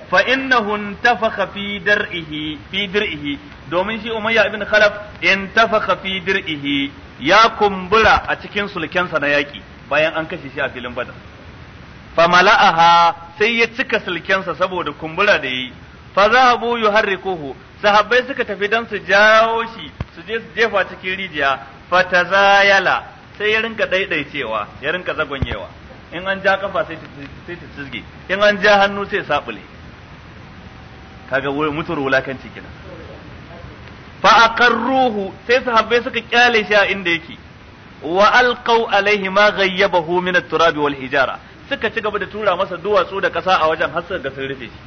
fa innahu intafakha fi dir'ihi fi domin shi umayya ibn khalaf intafakha fi dir'ihi ya kumbura a cikin sa na yaki bayan an kashe shi a filin badar fa mala'aha sai ya cika sulkensa saboda kumbura da yi fa zahabu yuharrikuhu sahabbai suka tafi dan su jawo shi su je su jefa cikin rijiya fa tazayala sai ya rinka daidaitewa ya rinka zagonyewa in an ja kafa sai ta cizge in an ja hannu sai sabule kaga mutuwar wulakanci kenan fa aqarruhu sai sahabbai suka kyale shi a inda yake wa alqau alaihi ma ghayyabahu min at-turab wal hijara suka ci gaba da tura masa duwatsu da kasa a wajen har ga sun rufe shi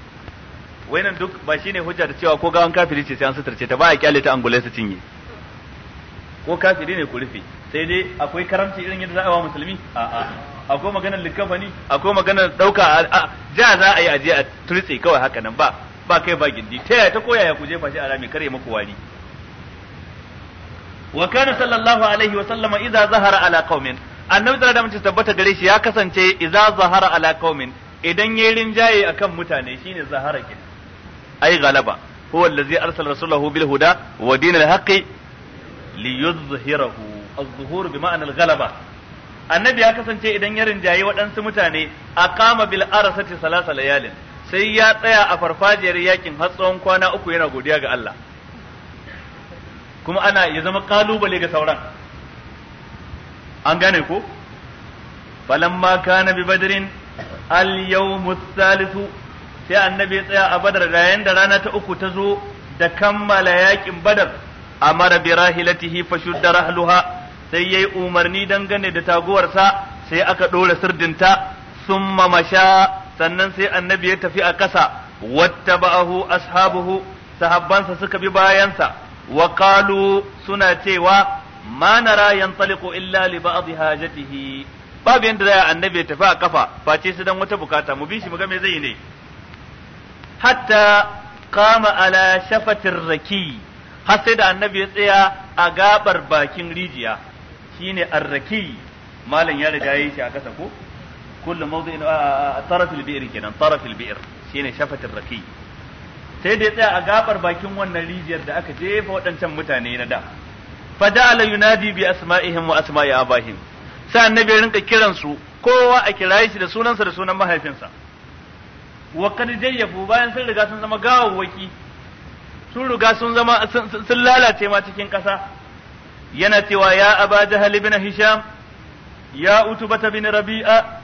wayannan duk ba shine hujja da cewa ko an kafiri ce sai an suturce ta ba a kyale ta angule su cinye ko kafiri ne ku rufe sai dai akwai karamci irin yadda za a wa musulmi a'a akwai maganar likafani akwai maganar dauka ja za a yi aje a turtse kawai haka nan ba ba kai ba gindi ta yaya ta koya ya ku jefa shi a rami kare muku wari wa kana sallallahu alaihi wa sallama idza zahara ala qaumin annabi da mutum tabbata gare shi ya kasance idza zahara ala qaumin idan yayin rinjaye akan mutane shine zahara kin ai galaba huwa allazi arsala rasulahu bil huda wa dinil haqqi liyuzhirahu az-zuhur bi ma'anal ghalaba annabi ya kasance idan ya rinjayi waɗansu mutane a kama bil arasati salasa layalin sai ya tsaya a farfajiyar yakin har tsawon kwana uku yana godiya ga Allah kuma ana ya zama kalubale ga sauran an gane ko falamma kana bi badrin al yawm thalithu sai annabi ya tsaya a badar da yayin da rana ta uku ta zo da kammala yakin badar amara bi rahilatihi fa rahluha sai yayi umarni dangane da taguwarsa sai aka ɗora sirdinta summa masha sannan sai annabi ya tafi a ƙasa wattaba'ahu ashabuhu sahabbansa suka bi bayansa wa qalu suna cewa ma nara yantaliqu illa li ba'd hajatihi babu yanda zai annabi ya tafi a kafa face su dan wata bukata mu bi shi mu ga me zai ne hatta kama ala shafatir raki har sai da annabi ya tsaya a gabar bakin rijiya shine arraki malam ya riga yayi shi a kasa ko kullu mawdi'in tarafil bi'r kenan tarafil bi'r shine shafatir raki sai da ya tsaya a gabar bakin wannan rijiyar da aka jefa waɗancan mutane na da faja'ala yunadi bi asma'ihim wa asma'i abahim sai annabi ya rinka kiran su kowa a kiraye shi da sunansa da sunan mahaifinsa wa kad jayyabu bayan sun riga sun zama gawawwaki sun riga sun zama sun lalace ma cikin ƙasa yana cewa ya aba jahal ibn hisham ya utubata bin rabi'a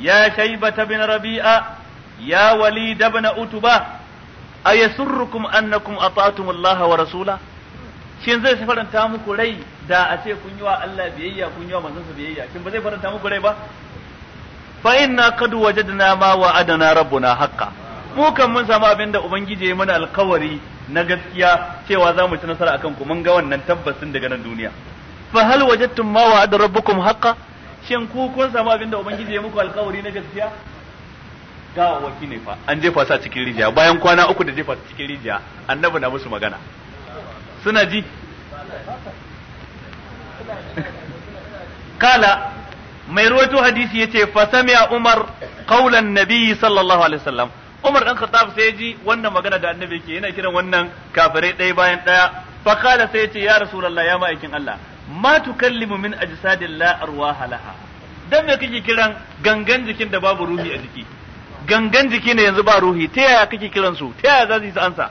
ya shaybata bin rabi'a ya walid ibn utuba ayasurrukum annakum ata'tum Allah wa rasula shin zai faranta muku rai da a ce kun yi wa Allah biyayya kun yi wa manzonsa biyayya shin ba zai faranta muku rai ba fa inna qad wajadna ma wa'adana rabbuna haqqan mu kan mun samu abinda ubangiji ya mana alkawari na gaskiya cewa za mu ci nasara akan ku mun ga wannan tabbasin daga nan duniya fa hal wajadtum ma wa'ada rabbukum haqqan shin ku kun samu abinda ubangiji ya muku alkawari na gaskiya ga waki ne fa an jefa su a cikin rijiya bayan kwana uku da jefa su cikin rijiya annabi na musu magana suna ji kala mai ruwaito hadisi yace fa sami'a umar qaulan nabi sallallahu alaihi wasallam Umar dan Khattab sai ya ji wannan magana da annabi yake yana kiran wannan kafirai ɗaya bayan ɗaya fa kala sai ya ce ya rasulullah ya ma'aikin Allah ma tukallimu min ajsadillah arwaha laha dan me kake kiran gangan jikin da babu ruhi a jiki gangan jiki ne yanzu ba ruhi ta yaya kake kiran su ta yaya za su yi su ansa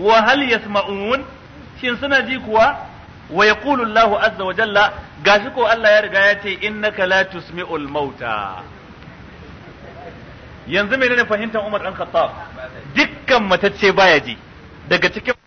wa hal yasma'un shin suna ji kuwa wa yaqulu Allahu azza wa jalla gashi ko Allah ya riga ya ce innaka la tusmi'ul mauta yanzu menene fahimtar Umar dan Khattab dukkan matacce baya ji daga cikin